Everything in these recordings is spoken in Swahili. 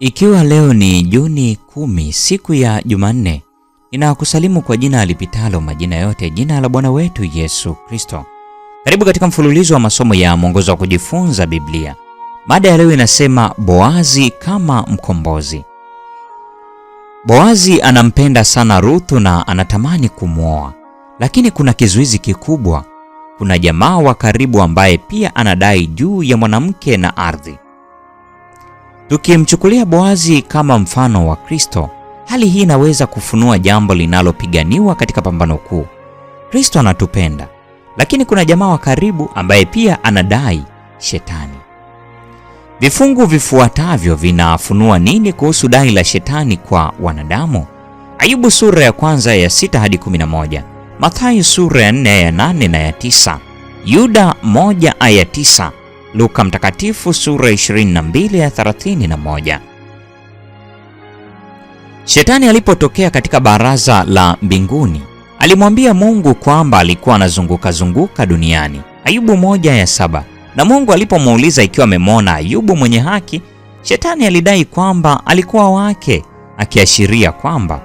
Ikiwa leo ni Juni kumi, siku ya Jumanne, ninakusalimu kwa jina alipitalo majina yote, jina la Bwana wetu Yesu Kristo. Karibu katika mfululizo wa masomo ya mwongozo wa kujifunza Biblia. Mada ya leo inasema Boazi kama mkombozi. Boazi anampenda sana Ruthu na anatamani kumwoa, lakini kuna kizuizi kikubwa. Kuna jamaa wa karibu ambaye pia anadai juu ya mwanamke na ardhi. Tukimchukulia Boazi kama mfano wa Kristo, hali hii inaweza kufunua jambo linalopiganiwa katika pambano kuu. Kristo anatupenda, lakini kuna jamaa wa karibu ambaye pia anadai shetani. Vifungu vifuatavyo vinafunua nini kuhusu dai la shetani kwa wanadamu? Ayubu sura ya kwanza ya sita hadi kumi na moja, Mathayo sura ya nne ya nane na ya tisa, Yuda moja aya tisa Luka Mtakatifu sura 22 ya 31. Shetani alipotokea katika baraza la mbinguni alimwambia Mungu kwamba alikuwa anazunguka zunguka duniani, Ayubu moja ya saba. Na Mungu alipomuuliza ikiwa amemwona Ayubu mwenye haki, Shetani alidai kwamba alikuwa wake, akiashiria kwamba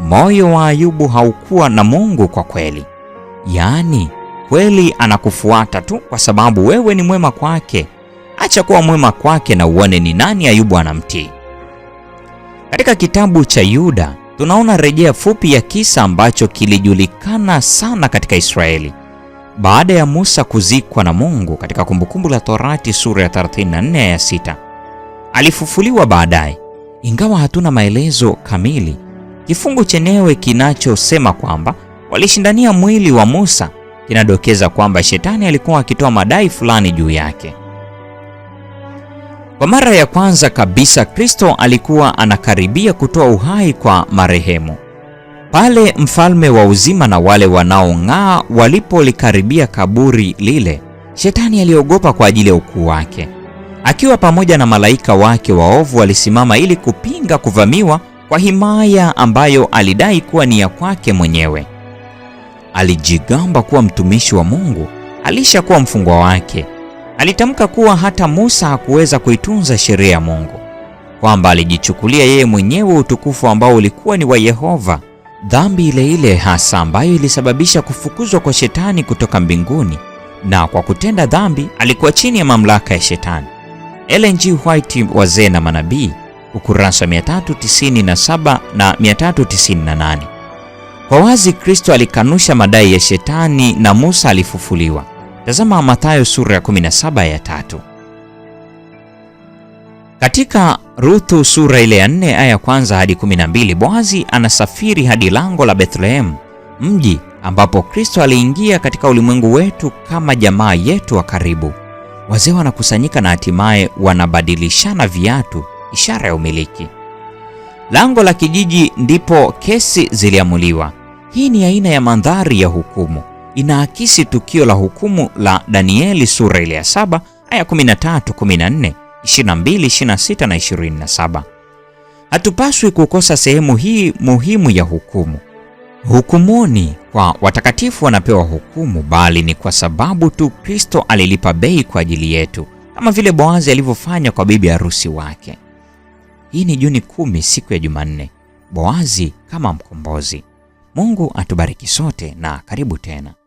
moyo wa Ayubu haukuwa na Mungu kwa kweli, yaani kweli anakufuata tu kwa sababu wewe ni mwema kwake. Acha kuwa mwema kwake na uone ni nani Ayubu anamtii. Katika kitabu cha Yuda tunaona rejea fupi ya kisa ambacho kilijulikana sana katika Israeli baada ya Musa kuzikwa na Mungu katika Kumbukumbu la Torati sura ya 34 ya 6. Alifufuliwa baadaye, ingawa hatuna maelezo kamili. Kifungu chenyewe kinachosema kwamba walishindania mwili wa Musa kinadokeza kwamba shetani alikuwa akitoa madai fulani juu yake. Kwa mara ya kwanza kabisa, Kristo alikuwa anakaribia kutoa uhai kwa marehemu pale mfalme wa uzima na wale wanaong'aa walipolikaribia kaburi lile. Shetani aliogopa kwa ajili ya ukuu wake. Akiwa pamoja na malaika wake waovu, alisimama ili kupinga kuvamiwa kwa himaya ambayo alidai kuwa ni ya kwake mwenyewe alijigamba kuwa mtumishi wa Mungu alishakuwa mfungwa wake. Alitamka kuwa hata Musa hakuweza kuitunza sheria ya Mungu, kwamba alijichukulia yeye mwenyewe utukufu ambao ulikuwa ni wa Yehova, dhambi ile ile hasa ambayo ilisababisha kufukuzwa kwa Shetani kutoka mbinguni, na kwa kutenda dhambi alikuwa chini ya mamlaka ya Shetani. Ellen G. White, Wazee na Manabii, ukurasa 397 na 398. Kwa wazi Kristo alikanusha madai ya Shetani na Musa alifufuliwa. Tazama Mathayo sura ya 17 ya tatu. Katika Ruthu sura ile ya 4 aya kwanza hadi 12, Boazi anasafiri hadi lango la Bethlehemu, mji ambapo Kristo aliingia katika ulimwengu wetu kama jamaa yetu wa karibu. Wazee wanakusanyika na hatimaye wanabadilishana viatu, ishara ya umiliki. Lango la kijiji ndipo kesi ziliamuliwa. Hii ni aina ya mandhari ya hukumu, inaakisi tukio la hukumu la Danieli sura ile ya 7 aya 13, 14, 22, 26 na 27. Hatupaswi kukosa sehemu hii muhimu ya hukumu. Hukumuni kwa watakatifu wanapewa hukumu, bali ni kwa sababu tu Kristo alilipa bei kwa ajili yetu, kama vile Boazi alivyofanya kwa bibi harusi wake. Hii ni Juni kumi, siku ya Jumanne. Boazi kama mkombozi. Mungu atubariki sote na karibu tena.